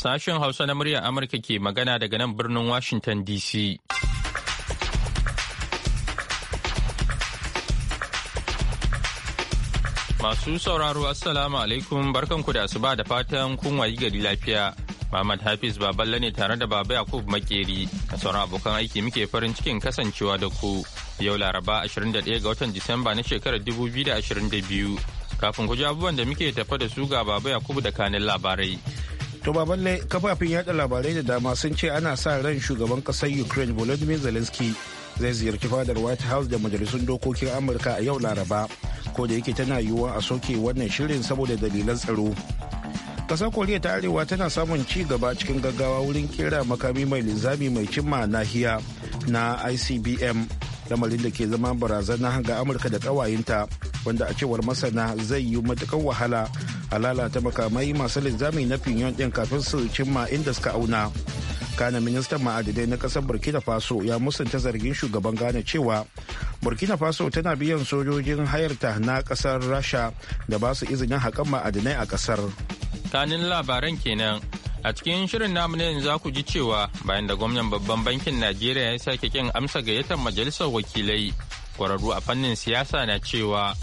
Sashen Hausa na muryar Amurka ke magana daga nan birnin Washington DC. Masu sauraro Assalamu alaikum barkanku da su ba da fatan kun wayi gari lafiya. Muhammad Hafiz Baballe ne tare da Baba Yakub Makeri a sauran abokan aiki muke farin cikin kasancewa da ku yau Laraba 21 ga watan Disamba na shekarar 2022. Kafin ku ji abubuwan da muke tafa da su ga Baba yakubu da kanin labarai. To balle kafafen yada labarai da dama sun ce ana sa ran shugaban kasar Ukraine Volodymyr Zelensky zai ziyarci fadar White House da majalisun dokokin Amurka a yau Laraba, ko da yake tana yiwuwa a soke wannan shirin saboda dalilan tsaro. Kasar Koriya ta Arewa tana samun ci gaba cikin gaggawa wurin kera makami mai linzami mai cimma nahiya na ICBM. lamarin da ke zama barazana ga amurka da ƙawayenta wanda a cewar masana zai yi matuƙar wahala a lalata makamai masu linzami na pinyon din kafin su cimma inda suka auna kana ministan ma'adinai na ƙasar burkina faso ya musanta zargin shugaban gane cewa burkina faso tana biyan sojojin hayarta na kasar rasha da ba su izinin haƙan ma'adinai a kasar. kanin labaran kenan A cikin shirin namu na za ku ji cewa bayan da gwamnan babban bankin Najeriya ya sake kin amsa gayyatar majalisar wakilai kwararru a fannin siyasa na cewa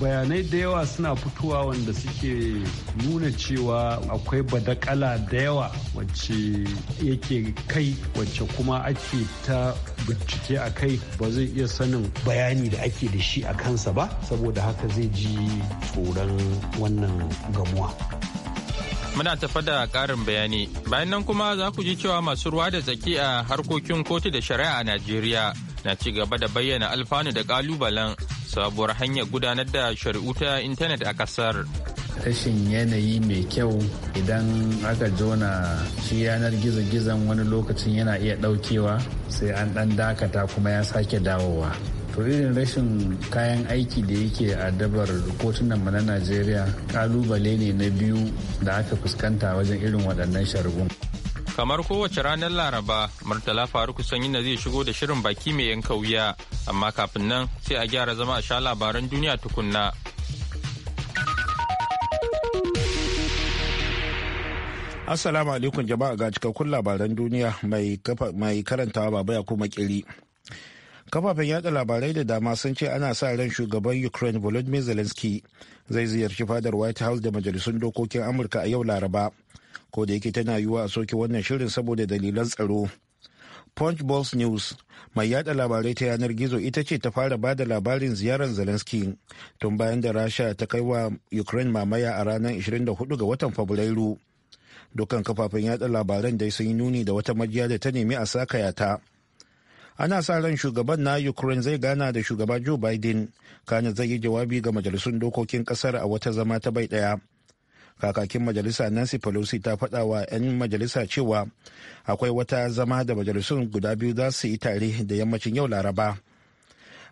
bayanai da yawa suna fitowa wanda suke nuna cewa akwai badakala da yawa wacce yake kai wacce kuma ake ta bincike a kai ba zai iya sanin bayani da ake da shi a kansa ba saboda haka zai ji tsoron wannan gamuwa Muna tafa da ƙarin bayani. Bayan nan kuma za ku ji cewa masu ruwa da tsaki a harkokin kotu da shari'a a Najeriya na ci gaba da bayyana alfanu da kalubalen sabuwar hanyar gudanar da shari'u ta intanet a kasar. rashin yanayi mai kyau idan aka jona shi yanar gizo-gizon wani lokacin yana iya daukewa sai an dan dakata kuma ya sake dawowa to rashin kayan aiki da yake a dabar kotunan mu na najeriya kalubale ne na biyu da aka fuskanta wajen irin waɗannan shargun kamar kowace ranar laraba murtala faruku na zai shigo da shirin baki mai yan kauya amma kafin nan sai a gyara zama a sha labaran duniya tukunna Assalamu alaikum jama'a ga cikakkun labaran duniya mai karantawa baba ya kuma kiri. kafafen yada labarai da dama sun ce ana sa ran shugaban ukraine volodymyr zelensky zai ziyarci fadar white house da majalisun dokokin amurka a yau laraba ko da yake tana yiwuwa a soke wannan shirin saboda dalilan tsaro punch balls news mai yada labarai ta yanar gizo ita ce ta fara ba da labarin ziyarar zelensky tun bayan da rasha ta kai wa ukraine mamaya a ranar 24 ga watan fabrairu dukkan kafafen yada labaran dai sun yi nuni da wata majiya da ta nemi a sakaya ta ana sa ran shugaban na ukraine zai gana da shugaba joe biden kana zai yi jawabi ga majalisun dokokin kasar a wata zama ta bai daya kakakin majalisa nancy pelosi ta faɗa wa 'yan majalisa cewa akwai wata zama da majalisun guda biyu za su yi tare da yammacin yau laraba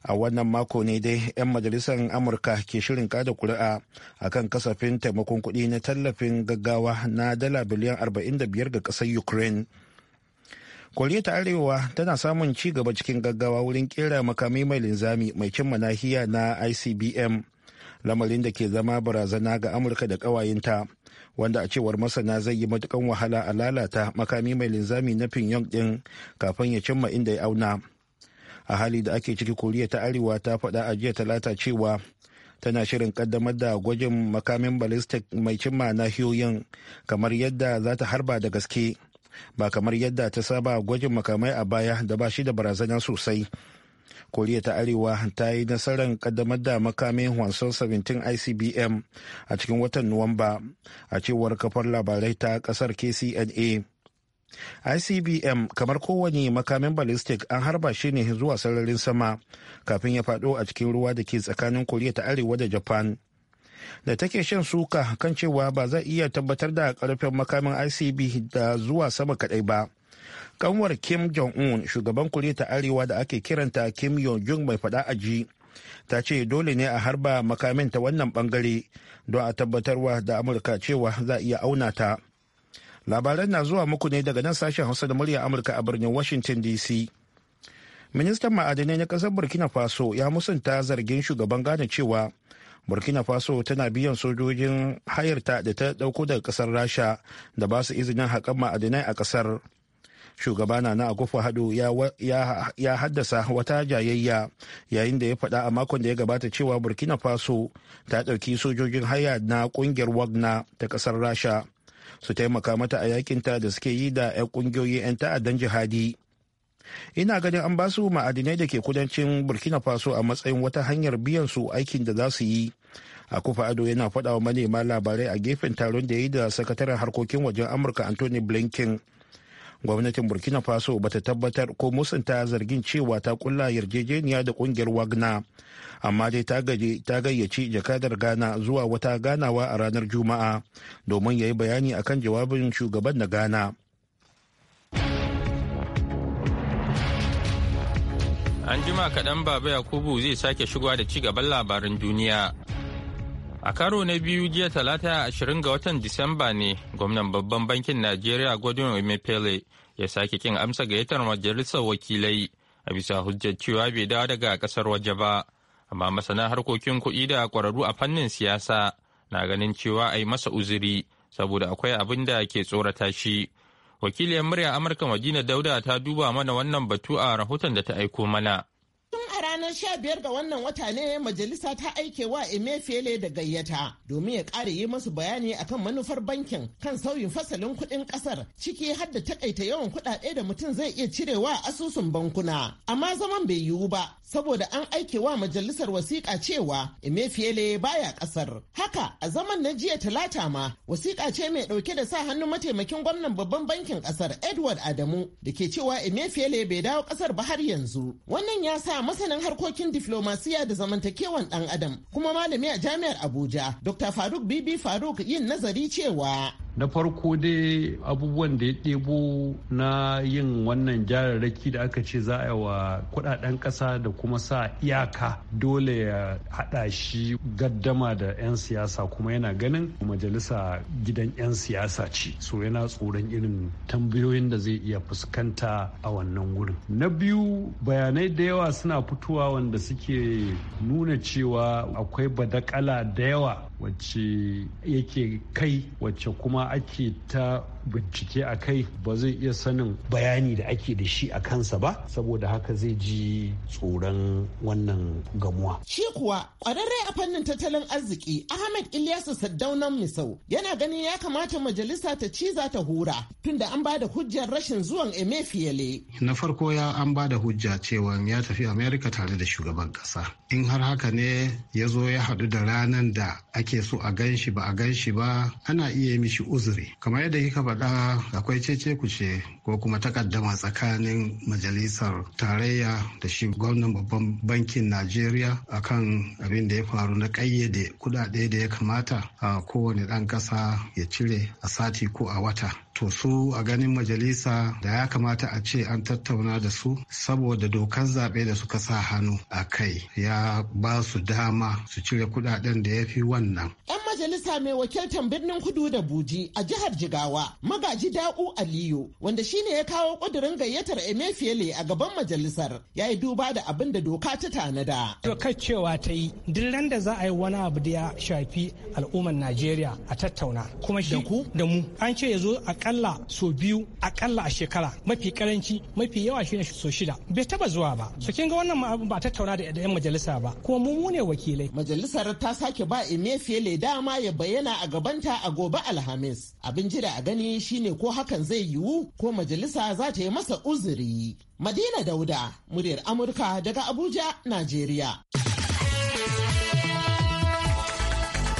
a wannan mako ne dai 'yan majalisar amurka ke shirin kada kuri'a a kan kasafin taimakon kuɗi na tallafin gaggawa na dala biliyan 45 ga ƙasar ukraine koriya ta arewa tana samun ci gaba cikin gaggawa wurin kera makami mai linzami mai cimma nahiya na icbm lamarin da ke zama barazana ga amurka da ƙawayenta wanda a cewar masana zai yi matukan wahala a lalata makami mai linzami na pyongyang din kafin ya cimma inda ya auna a hali da ake ciki koriya ta arewa ta faɗa a jiya talata cewa tana shirin kaddamar da gwajin makamin ballistic mai cimma nahiyoyin kamar yadda za ta harba da gaske ba kamar yadda ta saba gwajin makamai a baya da ba shi da barazana sosai koriya ta arewa ta yi nasarar kaddamar da makamin wasan 17 icbm a cikin watan nuwamba a cewar kafar labarai ta kasar kcna icbm kamar kowane makamin ballistic an harba shi ne zuwa sararin sama kafin ya fado a cikin ruwa da ke tsakanin koriya ta arewa da japan da take shan suka kan cewa ba zai iya tabbatar da karfin makamin icb da zuwa sama kadai ba kanwar kim jong-un shugaban kuri ta arewa da ake kiranta kim yong jong mai fada aji. ta ce dole ne a harba makamin ta wannan bangare don a tabbatarwa da amurka cewa za iya auna ta labaran na zuwa muku ne daga nan sashen hausa da murya amurka a birnin washington dc ministan ma'adanai na kasar burkina faso ya musanta zargin shugaban gane cewa burkina faso tana biyan sojojin hayarta da ta dauko daga kasar rasha da ba su izinin haƙan ma'adinai a kasar shugaba na agufa hadu ya haddasa wata jayayya yayin da ya faɗa a makon da ya gabata cewa burkina faso ta ɗauki sojojin haya na ƙungiyar wagner ta ƙasar rasha su taimaka mata a yakinta da suke yi da 'yan ƙungiyoyi 'yan ta'addan jihadi ina ganin an ba su ma'adinai da ke kudancin burkina faso a matsayin wata hanyar biyan su aikin da za su yi a kufa ado yana faɗa wa manema labarai a gefen taron da ya yi da sakataren harkokin wajen amurka anthony blinken gwamnatin burkina faso bata tabbatar ko musanta zargin cewa ta kulla yarjejeniya da kungiyar wagna amma dai ta gayyaci jakadar ghana zuwa wata ganawa a ranar juma'a domin ya yi bayani akan jawabin shugaban na ghana An jima kaɗan Baba Yakubu zai sake shigowa da ci gaban labaran duniya. A karo na biyu jiya talata ashirin ga watan Disamba ne gwamnan babban bankin Najeriya Godwin Emefiele ya sake kin amsa gayyatar majalisar wakilai a bisa hujjar cewa bai dawo daga kasar waje ba. Amma masana harkokin kuɗi da ƙwararru a fannin siyasa na ganin cewa a yi masa uzuri saboda akwai abin da ke tsorata shi wakiliyar murya amurka madina dauda ta duba mana wannan batu a rahoton da ta aiko mana ranar biyar ga wannan wata ne majalisa ta aike wa emefiele da gayyata domin ya ƙara yi masu bayani akan manufar bankin kan sauyin fasalin kuɗin ƙasar ciki har da takaita yawan kuɗaɗe da mutum zai iya cirewa asusun bankuna amma zaman bai yiwu ba saboda an aike wa majalisar wasiƙa cewa emefiele baya ƙasar haka a zaman na jiya talata ma wasiƙa ce mai ɗauke da sa hannun mataimakin gwamnan babban bankin ƙasar edward adamu da ke cewa emefiele bai dawo ƙasar ba har yanzu wannan ya sa masanin harkokin diflomasiya da zamantakewan ɗan adam kuma malami a jami'ar Abuja Dr. Faruk Bibi Faruk yin nazari cewa na farko dai abubuwan da ya ɗebo na yin wannan jararraki da aka ce za a wa kudaden ƙasa da kuma sa iyaka dole ya haɗa shi gaddama da 'yan siyasa kuma yana ganin majalisa gidan 'yan siyasa ce so yana tsoron irin tambayoyin da zai iya fuskanta a wannan wurin na biyu bayanai da yawa suna fitowa wanda suke nuna cewa akwai badakala da yawa wacce yake kai wacce kuma kuma ake ta bincike a kai ba zai iya sanin bayani da ake da shi a kansa ba saboda haka zai ji tsoron wannan gamuwa. Shi kuwa kwararre a fannin tattalin arziki Ahmed Ilyasu Saddaunan Misau yana ganin ya kamata majalisa ta ciza ta hura tunda an ba da hujjar rashin zuwan Emefiele. Na farko ya an ba da hujja cewa ya tafi Amerika tare da shugaban kasa. In har haka ne ya zo ya haɗu da ranar da ake so a ganshi ba a ganshi ba ana iya mishi uzuri. Kamar yadda kika faɗa akwai cece kuce ko kuma takaddama tsakanin majalisar tarayya da shi gwamnan babban bankin najeriya akan abin da ya faru na kayyade kudade da ya kamata a kowane ɗan ƙasa ya cire a sati ko a wata to su a ganin majalisa da ya kamata a ce an tattauna da su saboda dokar zaɓe da suka sa hannu a kai ya ba su dama su cire kudaden da ya fi wannan. 'Yan majalisa mai wakiltar birnin kudu da buji a jihar Jigawa magaji da'u Aliyu wanda shine ya kawo ƙudurin gayyatar Emefiele a gaban majalisar ya yi duba da abin da doka ta tanada. Dokar cewa ta yi duk da za a yi wani abu da ya shafi al'ummar Najeriya a tattauna kuma shi da mu an ce ya zo a akalla so biyu akalla a shekara mafi karanci mafi yawa shine so shida bai taba zuwa ba so kin ga wannan abu ba tattauna da yan majalisa ba kuma mu ne wakilai majalisar ta sake ba emefiele dama ya bayyana a gabanta a gobe alhamis abin jira a gani shine ko hakan zai yiwu ko majalisa za ta yi masa uzuri madina dauda muryar amurka daga abuja najeriya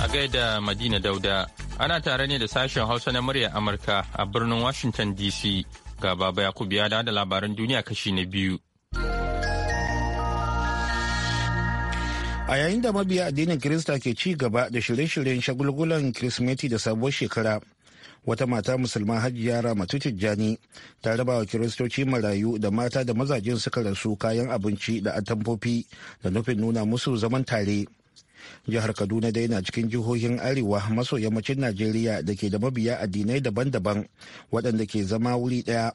a gaida madina dauda Ana tare ne da sashen Hausa na murya Amurka a birnin Washington DC. Ga Baba Yakubu ya da labaran duniya kashi na biyu. A yayin da mabiya addinin Kirista ke ci gaba da shirye-shiryen shagulgulan kirismeti da sabuwar shekara, wata mata musulma hajiya ramatu tijjani ta raba wa kiristoci marayu da mata da mazajen suka rasu kayan abinci da atamfofi da nufin nuna musu zaman tare jihar kaduna dai na cikin jihohin arewa maso yammacin najeriya da ke da mabiya addinai daban-daban waɗanda ke zama wuri ɗaya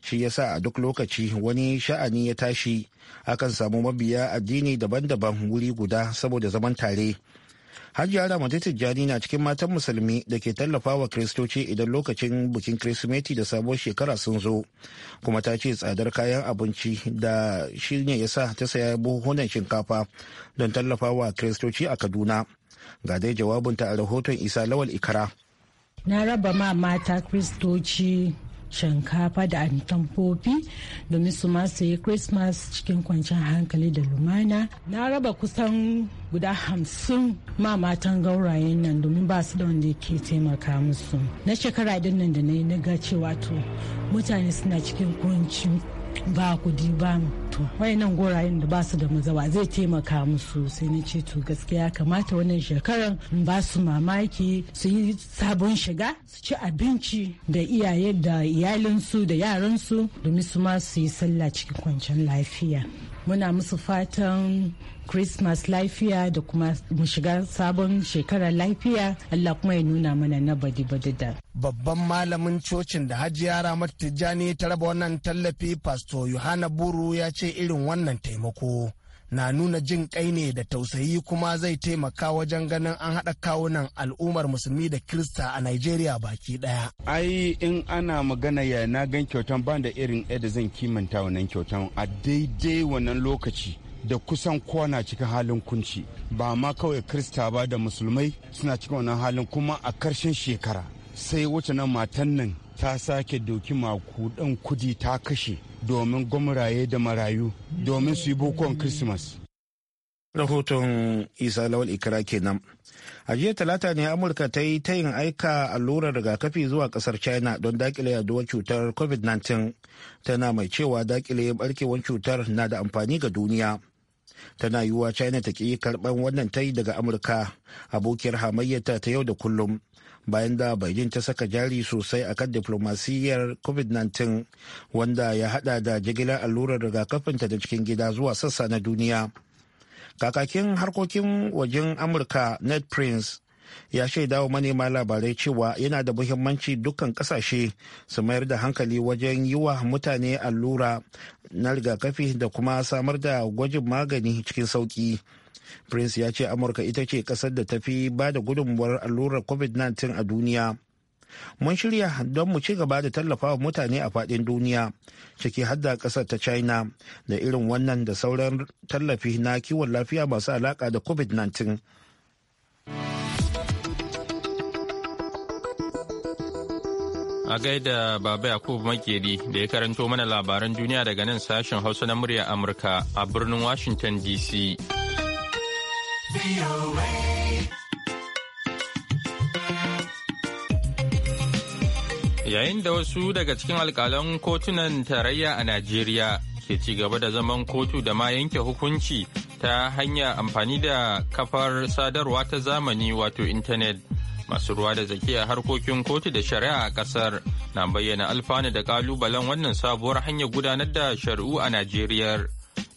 shi yasa a duk lokaci wani sha'ani ya tashi akan samu mabiya addini daban-daban wuri guda saboda zaman tare Hajiya Ramadu Tijjani na cikin matan musulmi da ke tallafa wa kiristoci idan lokacin bikin kirismeti da sabuwar shekara sun zo. Kuma ta ce tsadar kayan abinci da shirya ya sa ta saya buhunan shinkafa don tallafa wa kiristoci a Kaduna. Ga dai jawabinta a rahoton Isa Lawal Ikara. Na raba ma mata kiristoci shinkafa da antamfofi domin su masu yi christmas cikin kwanciyar hankali da lumana na raba kusan guda hamsin ma matan gaurayen nan domin ba su da wanda ke taimaka musu na shekara din nan da na yi na ga cewa to mutane suna cikin kunci ba kudi ba mu to wayannan gorayen da ba su da mazawa zai taimaka musu sai na ce to gaskiya kamata wannan shekaran in ba su mamaki su yi sabon shiga su ci abinci da iyaye da iyalinsu da yaransu domin su ma su yi sallah cikin kwanciyar lafiya muna musu fatan Christmas lafiya da kuma mu shiga sabon shekarar lafiya Allah kuma ya nuna mana na badi badi da. Babban malamin cocin da hajiya Ramat Tijjani ta raba wannan tallafi Pastor Yohana Buru ya ce irin wannan taimako. na nuna jin kai ne da tausayi kuma zai taimaka wajen ganin an haɗa kawunan al'ummar musulmi da kirista a Najeriya baki ɗaya. Ai in ana magana ya na gan kyautan ban da irin yadda zan kimanta wannan kyautan a daidai wannan lokaci da kusan kowa na cikin halin kunci ba ma kawai krista ba da musulmai suna cikin wannan halin kuma a karshen shekara sai wacce nan matan nan ta sake doki makudan kudi ta kashe domin gwamraye da marayu domin su yi bukuwan christmas rahoton isa lawal ikira kenan a jiya talata ne amurka ta yi tayin aika allurar rigakafi zuwa kasar china don dakile yaduwar cutar covid-19 tana mai cewa dakile barkewar cutar na da amfani ga duniya tana yiwuwa china ta ƙi karɓar wannan tayi daga amurka abokiyar hamayyata ta yau da kullum bayan da beijing ta saka jari sosai a kan diplomasiyyar covid-19 wanda ya hada da jigilar allurar rigakafinta da cikin gida zuwa sassa na duniya kakakin harkokin wajen amurka ned prince ya shaida wa manema labarai cewa yana da muhimmanci dukkan kasashe su mayar da hankali wajen yi wa mutane allura na rigakafi da kuma samar da gwajin magani cikin sauki. prince ya ce amurka ita ce kasar da ta fi ba da gudunmuwar allurar covid-19 a duniya mun shirya don mu ci gaba da tallafawa mutane a fadin duniya ciki hadda kasar ta china da irin wannan da sauran tallafi na kiwon lafiya masu alaƙa da covid-19 A gaida Baba Yakubu Makeri da ya karanto mana labaran duniya daga nan sashen Hausa na murya Amurka a birnin Washington DC. Yayin da wasu daga cikin alkalan kotunan tarayya a Najeriya ke ci gaba da zaman kotu da ma yanke hukunci ta hanyar amfani da kafar sadarwa ta zamani wato intanet. masu ruwa da zakiya a harkokin kotu da shari'a a kasar na bayyana alfanu da kalubalen wannan sabuwar hanyar gudanar da shari'u a najeriya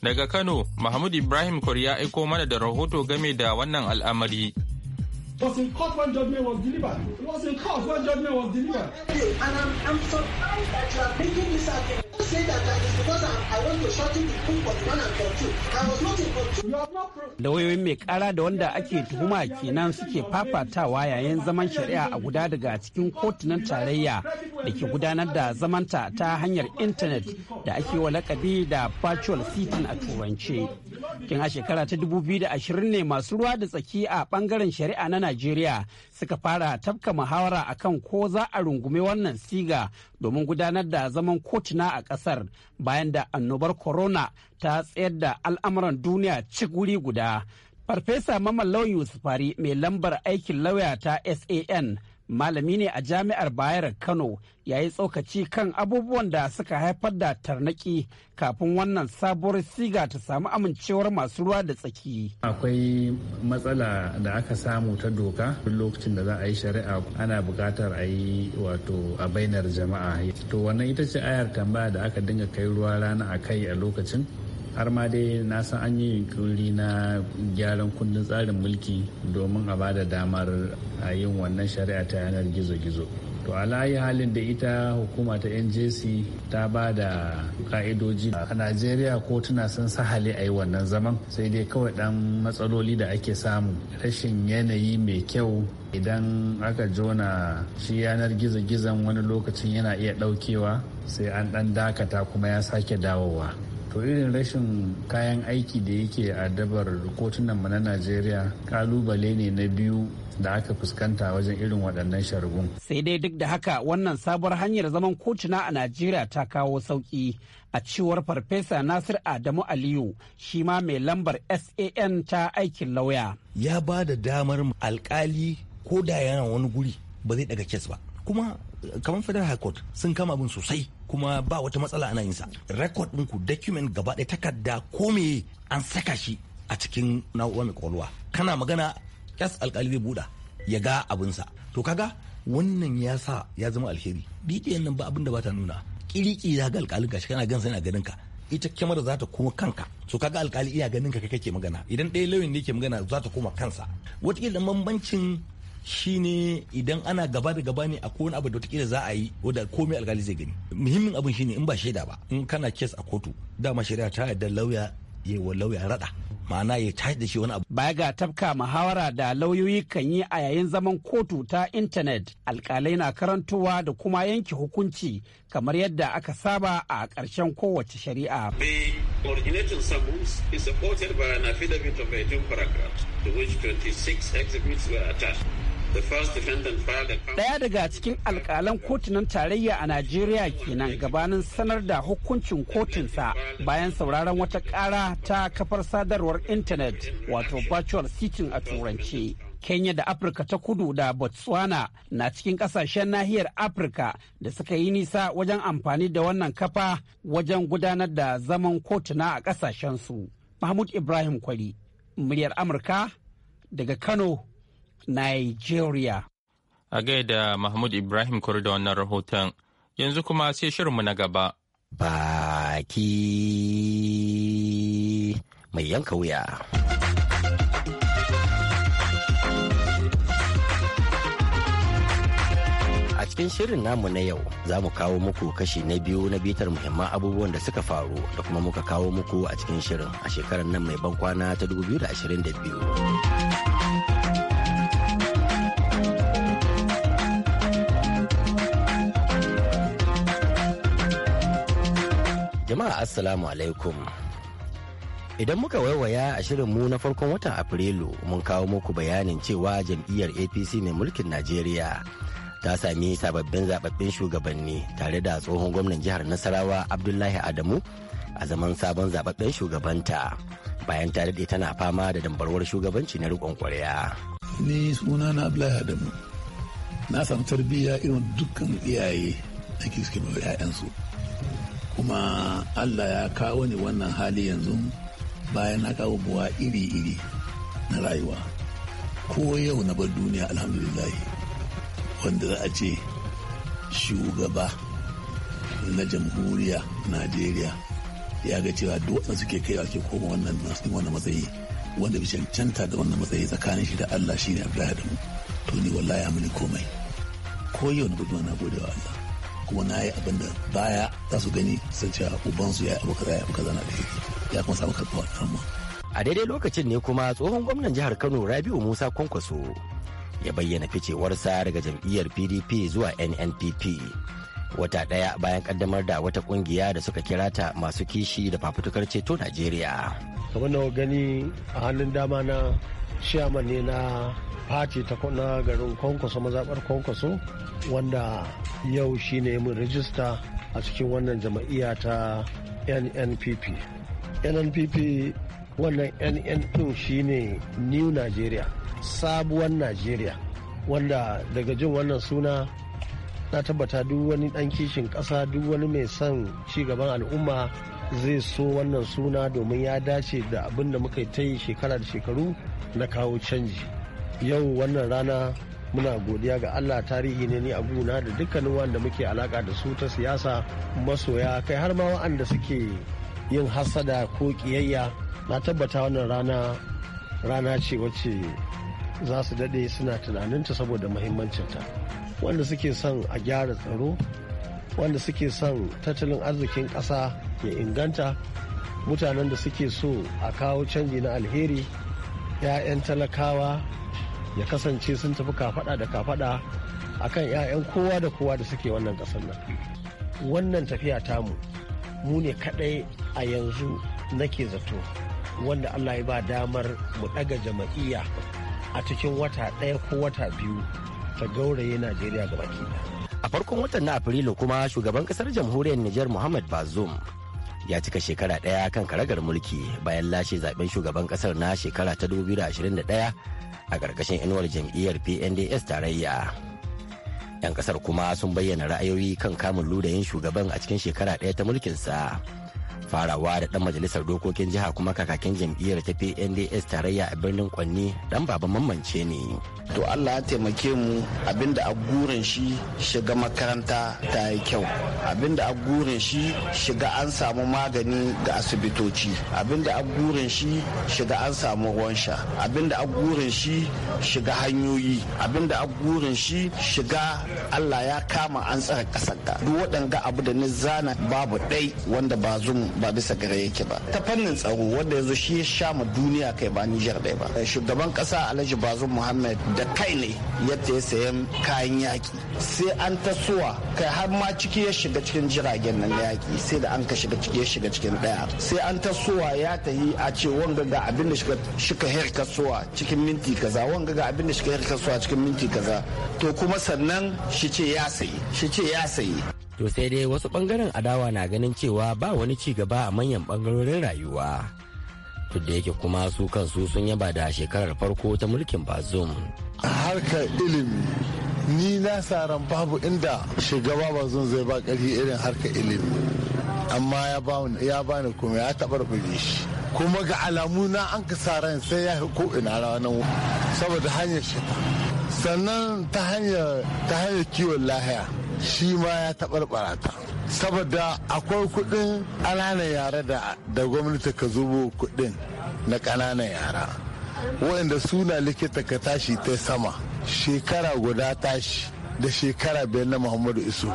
daga kano mahmud ibrahim kuri ya aiko mana da rahoto game da wannan al'amari was in court when judgment was delivered. It was in court when judgment was delivered. And I'm, I'm surprised that you are making this argument. Lauyoyin mai kara da wanda ake tuhuma kenan suke fafatawa yayin zaman shari'a a guda daga cikin kotunan tarayya da ke gudanar da zamanta ta hanyar intanet da ake wa lakabi da virtual sitting a turance. Kin a shekara ta dubu biyu da ashirin ne masu ruwa da tsaki a bangaren shari'a na Najeriya suka fara tafka muhawara akan ko za a rungume wannan siga domin gudanar da zaman kotuna a ƙasar bayan da annobar corona ta tsayar da al'amuran duniya cik wuri guda. Farfesa Mamallau Yusufari mai lambar aikin lauya ta SAN malami ne a jami'ar bayar kano ya yi tsokaci kan abubuwan da suka haifar da tarnaki kafin wannan sabuwar siga ta samu amincewar masu ruwa da tsaki akwai matsala da aka samu ta doka duk lokacin da za a yi shari'a ana bukatar a yi wato a bainar jama'a to wannan ita ce ayar tambaya da aka dinga kai ruwa rana a kai a lokacin har ma dai na san an yi yunkuri na gyaran kundin tsarin mulki domin a bada damar a yin wannan shari'a ta yanar gizo-gizo to alayi halin da ita hukuma ta njc ta ba da ka'idoji a najeriya kotuna sun sahale a yi wannan zaman sai dai kawai dan matsaloli da ake samu rashin yanayi mai kyau idan aka jona shi yanar gizo-gizon wani lokacin yana iya daukewa sai an dan dakata kuma ya sake dawowa to irin rashin kayan aiki da yake a dabar kotunan na najeriya kalubale ne na biyu da aka fuskanta wajen irin waɗannan shargun sai dai duk da haka wannan sabuwar hanyar zaman kotuna a najeriya ta kawo sauki a cewar farfesa nasir adamu aliyu shi ma mai lambar san ta aikin lauya ya ba da damar alkali ko da yana wani guri ba zai daga kes ba kuma kamar federal high court sun kama abin sosai kuma ba wata matsala ana yinsa sa record ku document gaba ɗaya takarda ko me an saka shi a cikin na'uwa mai kwakwalwa kana magana yas alkali zai buɗa ya ga abinsa to kaga wannan ya sa ya zama alheri bidiyon nan ba abin da ba ta nuna kiriki ya ga alkalin gashi kana sai na ganin ka ita kyamar za ta koma kanka so kaga alkali iya ganin ka kake magana idan ɗaya lauyin ne ke magana za ta koma kansa wataƙila bambancin shine idan ana gaba da gaba ne a kowane abu da wata za a yi da komai alkali zai gani muhimmin abin shine in ba shaida ba in kana kes a kotu dama shari'a ta yarda lauya ya wa lauya rada ma'ana ya tashi da shi wani abu. Baya ga tafka muhawara da lauyoyi kan yi a yayin zaman kotu ta intanet alkalai na karantowa da kuma yanke hukunci kamar yadda aka saba a ƙarshen kowace shari'a. originating summons is supported by an affidavit of 18 paragraphs, to which 26 exhibits were attached. Daya daga cikin alkalan kotunan tarayya a Najeriya kenan gabanin sanar da hukuncin kotunsa bayan sauraron wata kara ta kafar sadarwar intanet wato virtual sitting a turanci. kenya da afirka ta kudu da botswana na cikin kasashen nahiyar afirka da suka yi nisa wajen amfani da wannan kafa wajen gudanar da zaman kotuna a su mahmud ibrahim kwari muryar amurka daga kano nigeria a gaida mahmud ibrahim kwari da wannan rahoton yanzu kuma sai shirinmu na gaba baki mai yanka wuya cikin shirin namu na yau za mu kawo muku kashi na biyu na bitar muhimman abubuwan da suka faru da kuma muka kawo muku a cikin shirin a shekarar nan mai ban kwana ta 2022. jama'a assalamu alaikum idan muka waiwaya a mu na farkon watan afrilu mun kawo muku bayanin cewa jam'iyyar apc mai mulkin najeriya ta sami sababbin zababbin shugabanni tare da tsohon gwamnan jihar nasarawa abdullahi adamu a zaman sabon zababben shugabanta bayan ta daɗe tana fama da dambarwar shugabanci na riƙon ƙwarya. ni suna na abdullahi adamu na samu tarbiyya irin dukkan iyaye da ke suke bawa 'ya'yansu kuma allah ya kawo ni wannan hali yanzu bayan na kawo buwa iri-iri na rayuwa ko yau na bar duniya alhamdulillahi wanda za a ce shugaba na jamhuriya najeriya ya ga cewa duk wanda suke kai ke. koma wannan wannan matsayi wanda bi cancanta da wannan matsayi tsakanin shi da allah ne abdullahi adamu to ni wallahi ya muni komai ko yau na gudu na gode wa allah kuma na yi abin da baya za su gani san cewa ubansu ya yi abu kaza ya abu kaza na da ya kuma samu karɓar wannan a daidai lokacin ne kuma tsohon gwamnan jihar kano rabiu musa kwankwaso ya bayyana ficewar sa daga jam'iyyar pdp zuwa nnpp wata ɗaya bayan kaddamar da wata ƙungiya da suka kira ta masu kishi da fafutukar ceto najeriya kamar na gani a hannun dama na shiyama ne na fati ta na garin kwankwaso mazaɓar kwankwaso wanda yau shi ne mun rijista a cikin wannan jama'iya ta nnpp nnpp wannan nn shi ne new nigeria sabuwar najeriya wanda daga jin wannan suna na tabbata duk wani dan kishin kasa duk wani mai son ci gaban al'umma zai so wannan suna domin ya dace da abin da muka ta yi shekara da shekaru na kawo canji yau wannan rana muna godiya ga allah tarihi ne ni a guna da dukkanin wanda muke alaka da su ta siyasa masoya kai har ma wa'anda suke yin hasada ko kiyayya na tabbata wannan rana rana ce wacce za su daɗe suna tunaninta saboda muhimmancinta wanda suke son a gyara tsaro wanda suke son tattalin arzikin ƙasa ya inganta mutanen da suke so a kawo canji na alheri 'ya'yan talakawa ya kasance sun tafi kafada da kafada kan 'ya'yan kowa da kowa da suke wannan ƙasar nan wannan tafiya tamu mu ne kaɗai a yanzu nake zato wanda allah ya ba damar mu ɗaga jama'iyya a cikin wata ɗaya ko wata biyu ta gauraye najeriya ga baki a farkon watan na afrilu kuma shugaban kasar jamhuriyar niger muhammad bazoum ya cika shekara ɗaya kan karagar mulki bayan lashe zaben shugaban kasar na shekara ta 2021 a ƙarƙashin inuwar jam'iyyar pnds tarayya 'yan kasar kuma sun bayyana ra'ayoyi kan kamun ludayin shugaban a cikin shekara ɗaya ta mulkinsa farawa da ɗan majalisar dokokin jiha kuma kakakin jam'iyyar ta pnds tarayya a birnin kwanni dan baban mamance ne to allah ya taimake mu abinda a gurin shi shiga makaranta ta yi kyau abinda a gurin shi shiga an samu magani ga asibitoci abinda a gurin shi shiga an samu ruwan sha abinda a gurin shi shiga hanyoyi abinda a gurin shi shiga allah ya kama an tsara kasar duk waɗanga abu da ni zana babu ɗai wanda ba zumu ba bisa gare yake ba ta fannin tsaro wanda yanzu shi ya sha ma duniya kai ba Nijar dai ba eh, shugaban kasa Alhaji Bazoum Muhammad da kai ne yadda ya sayan kayan yaki sai an tasowa kai har ma ciki ya shiga cikin jiragen nan na yaki sai da an ka shiga ciki ya shiga cikin daya sai an tasowa ya tahi a ce wanga ga abin da shika herkasuwa cikin minti kaza wanga ga abin da shika herkasuwa cikin minti kaza to kuma sannan shi ce ya sayi shi ce ya sayi to sai dai wasu bangaren adawa na ganin cewa ba wani ci gaba a manyan bangarorin rayuwa duk da yake kuma su kansu sun yaba da shekarar farko ta mulkin bazum a harkar ilimi ni na saran babu inda shugaba bazum zai ba ƙarfi irin harkar ilimi amma ya bani kuma ya rubuce shi kuma ga alamu na an ka saran sai ya ko ina ranar saboda hanyar shi sannan ta hanyar kiwon lahiya shi ma ya taɓarɓara ta saboda akwai kuɗin ƙananan yara da gwamnati ka zubo kuɗin na ƙananan yara waɗanda suna likita ka tashi ta sama shekara guda tashi da shekara biyar na muhammadu isu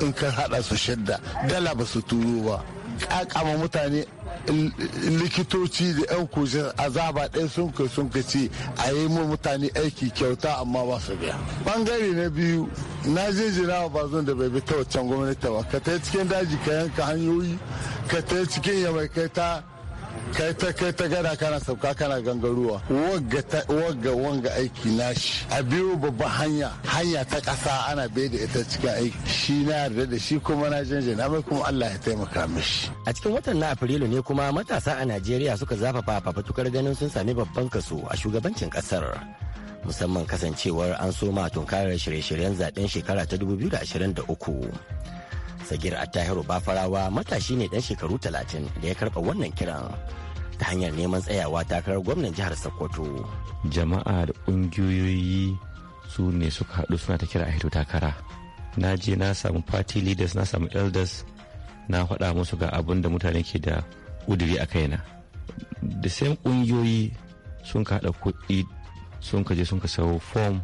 in ka haɗa su shidda dala ba su turo ba kakama mutane likitoci da 'yan a azaba ɗaya sun kai sun ce a yi mu mutane aiki kyauta amma ba su biya bangare na biyu na jinjina ba zon da bai bi ta waccan gwamnati ba ka ta cikin daji ka yanka hanyoyi ka ta cikin yamai kai ta kai ta kai ta gada kana sauka kana gangaruwa wagga wanga aiki nashi a biyo babban hanya hanya ta kasa ana bai da ita cikin aiki shi na yarda da shi kuma na janjana mai kuma Allah ya taimaka mishi a cikin watan na afrilu ne kuma matasa a Najeriya suka zafafa fafatukar ganin sun sami babban kaso a shugabancin kasar musamman kasancewar an soma tunkarar shirye-shiryen zaben shekara ta 2023 sagir attahiru bafarawa matashi ne dan shekaru talatin da ya karba wannan kiran ta hanyar neman tsayawa takarar gwamnan jihar sokoto jama'a da ƙungiyoyi su ne suka haɗu suna ta kira a hito takara na je na samu party leaders na samu elders na faɗa musu ga abin da mutane ke da ƙuduri a kaina da sai ƙungiyoyi sun ka haɗa kuɗi sun ka je sun ka sayo form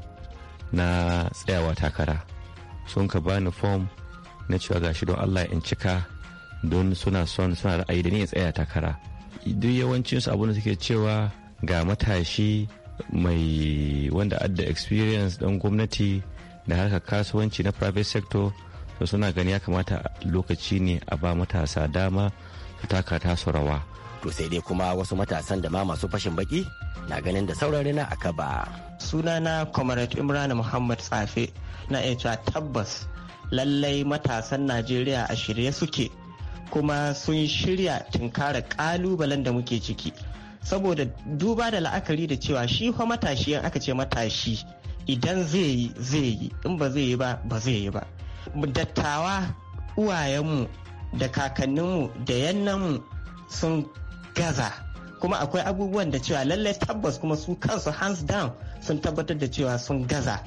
na tsayawa takara sun ka bani form na cewa gashi don Allah in cika don suna son suna ra'ayi da ni in tsaya takara duk yawancinsu abin da suke cewa ga matashi mai wanda adda experience dan gwamnati da harkar kasuwanci na private sector to suna gani ya kamata lokaci ne a ba matasa dama su taka tasu rawa to sai dai kuma wasu matasan da ma masu fashin baki na ganin da sauran na a ba sunana comrade imran muhammad tsafe na iya cewa tabbas lallai matasan najeriya a shirye suke kuma sun shirya tunkara kalubalen da muke ciki saboda duba da la'akari da cewa shi fa matashi aka ce matashi idan zai yi zai yi in ba zai yi ba ba zai yi ba dattawa uwayenmu da kakanninmu da yannanmu sun gaza kuma akwai abubuwan da cewa lallai tabbas kuma su kansu hands down sun tabbatar da cewa sun gaza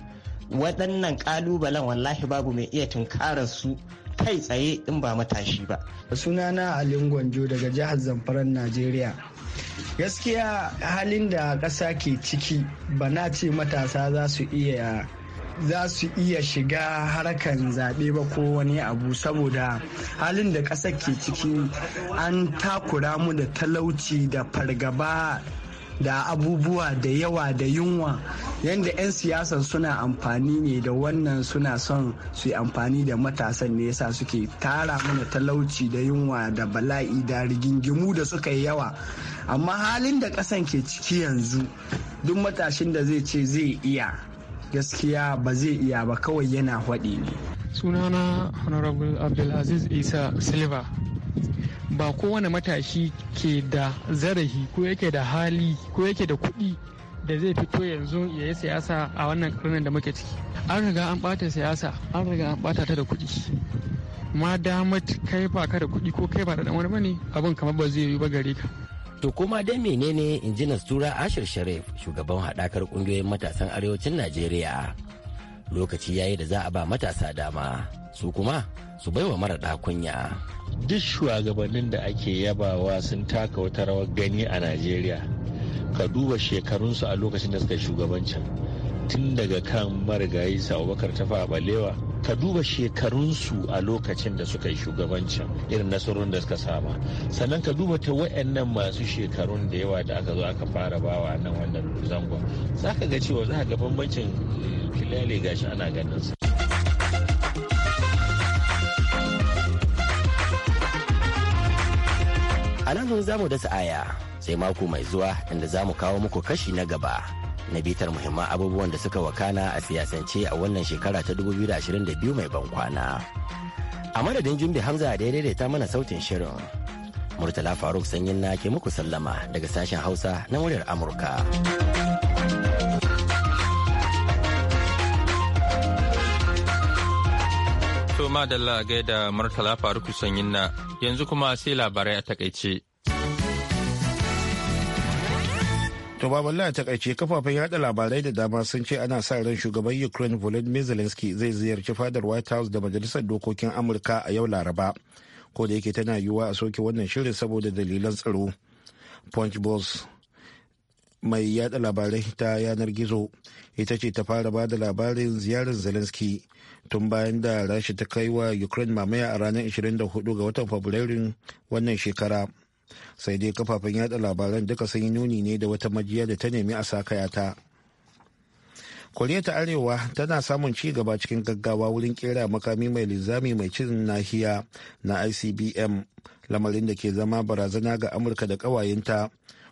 waɗannan ƙalubalen wallahi babu mai iya tunkarar su kai tsaye in ba matashi ba. Sunana Alin Gwanjo daga jihar Zamfaran Najeriya. Gaskiya halin da ƙasa ke ciki bana ce matasa za su iya za su iya shiga harkan zaɓe ba ko wani abu saboda halin da ƙasa ke ciki an takura mu da talauci da fargaba da abubuwa da yawa da yunwa yadda 'yan siyasan suna amfani ne da wannan suna son su yi amfani da matasan ne yasa suke tara mana talauci da yunwa da bala'i da rigingimu da suka yi yawa amma halin da kasan ke ciki yanzu duk matashin da zai ce zai iya gaskiya ba zai iya ba kawai yana haɗi ne sunana honorable abdulaziz isa silva ba kowane matashi ke da zarahi ko yake da hali ko yake da kuɗi da zai fito yanzu ya yi siyasa a wannan karnin da muke ciki an riga an ɓata siyasa an riga an ɓata ta da kuɗi ma damat kai ba ka da kuɗi ko kai ba da wani bane abin kamar ba zai yi ba gare ka to kuma dai menene injinas tura ashir sharif shugaban haɗakar ƙungiyoyin matasan arewacin najeriya lokaci ya yi da za a ba matasa dama su kuma su bai wa mara kunya. duk shugabannin da ake yabawa sun taka wata rawar gani a najeriya ka duba shekarunsu a lokacin da suka shugabancin tun daga kan marigayi abubakar fa balewa ka duba shekarunsu a lokacin da suka yi shugabancin irin nasarorin da suka sama sannan ka duba ta wayannan masu shekarun da yawa da aka zo aka fara bawa nan wannan zangon za ka ga cewa za ka ga bambancin filale eh, gashi ana ganin sa a zamu da sa'aya dasa sai mako mai zuwa inda zamu kawo muku kashi na gaba na bitar muhimman abubuwan da suka wakana a siyasance a wannan shekara ta 2022 mai ban kwana A madadin Jumbi Hamza da ya daidaita mana sautin shirin. Murtala Faruk Sanyin na ke muku sallama daga sashen Hausa na muryar Amurka. To madalla gaida Murtala Faruk Sanyin na yanzu kuma sai labarai a takaice. To ba balla a takaice kafafen yada labarai da dama sun ce ana sa ran shugaban Ukraine Volodymyr Zelensky zai ziyarci fadar White House da Majalisar Dokokin Amurka a yau Laraba. Ko da yake tana yiwuwa a soke wannan shirin saboda dalilan tsaro. Punch Boss mai yada labarai ta yanar gizo ita ce ta fara ba da labarin ziyarar Zelensky tun bayan da rashi ta kai wa Ukraine mamaya a ranar 24 ga watan Fabrairun wannan shekara. sai dai kafafen yada labaran duka sun yi nuni ne da wata majiya da ta nemi a sakaya ta koriya ta arewa tana samun ci gaba cikin gaggawa wurin kera makami mai linzami mai cin nahiya na icbm lamarin da ke zama barazana ga amurka da ƙawayenta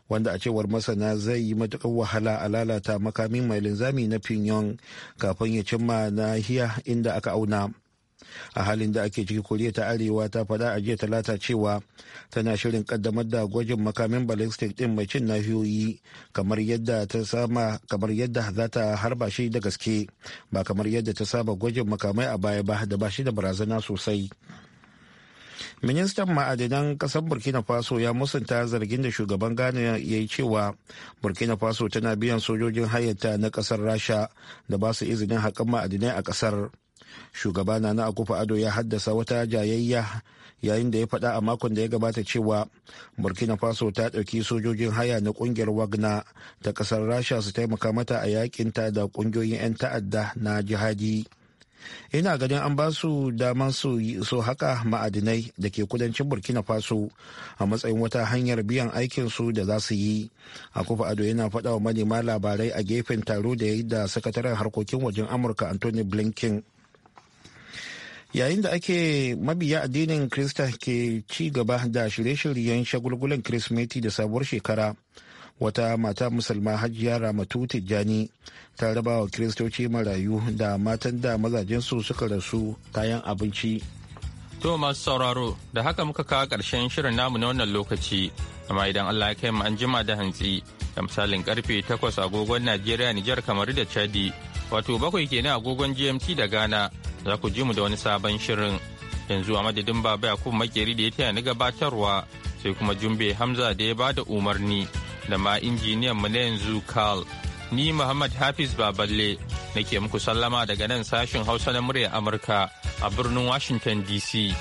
wanda a cewar masana zai yi matuƙar wahala a lalata makamin mai linzami na pyongyang kafin ya cimma nahiya inda aka auna a halin da ake ciki koriya ta arewa ta faɗa a jiya talata cewa tana shirin kaddamar da gwajin makamin ballistic din mai cin nahiyoyi kamar yadda ta sama kamar yadda za ta harba shi da gaske ba kamar yadda ta saba gwajin makamai a baya ba da ba shi da barazana sosai ministan ma'adinan kasar burkina faso ya musanta zargin da shugaban ghana ya yi cewa burkina faso tana biyan sojojin hayata na kasar rasha da ba su izinin haƙan ma'adinai a kasar shugaba na akufa ado ya haddasa wata jayayya yayin da ya faɗa a makon da ya gabata cewa burkina faso ta ɗauki sojojin haya na ƙungiyar wagna ta ƙasar rasha su taimaka mata a yakinta da ƙungiyoyin 'yan ta'adda na jihadi ina ganin an ba su daman su so haka ma'adinai da ke kudancin burkina faso a matsayin wata hanyar biyan aikin su da za su yi a ado yana faɗa wa manema labarai a gefen taro da ya yi da sakataren harkokin wajen amurka anthony blinken yayin da ake mabiya addinin krista ke ci gaba da shirye-shiryen shagulgulan kirismeti da sabuwar shekara wata mata musulma hajiya ramatu tijjani ta raba wa kiristoci marayu da matan da mazajensu suka rasu kayan abinci to masu sauraro da haka muka kawo ƙarshen shirin namu na wannan lokaci amma idan allah ya kai mu an jima da hantsi da misalin karfe 8 agogon najeriya nijar kamar da chadi wato bakwai kenan agogon gmt da ghana za ku ji mu da wani sabon shirin yanzu a madadin baba yakubu makeri da ya taya ni gabatarwa sai kuma jumbe hamza da ya bada umarni da ma injiniyan mu na yanzu carl ni muhammad hafiz baballe nake muku sallama daga nan sashin hausa na murya amurka a birnin washington dc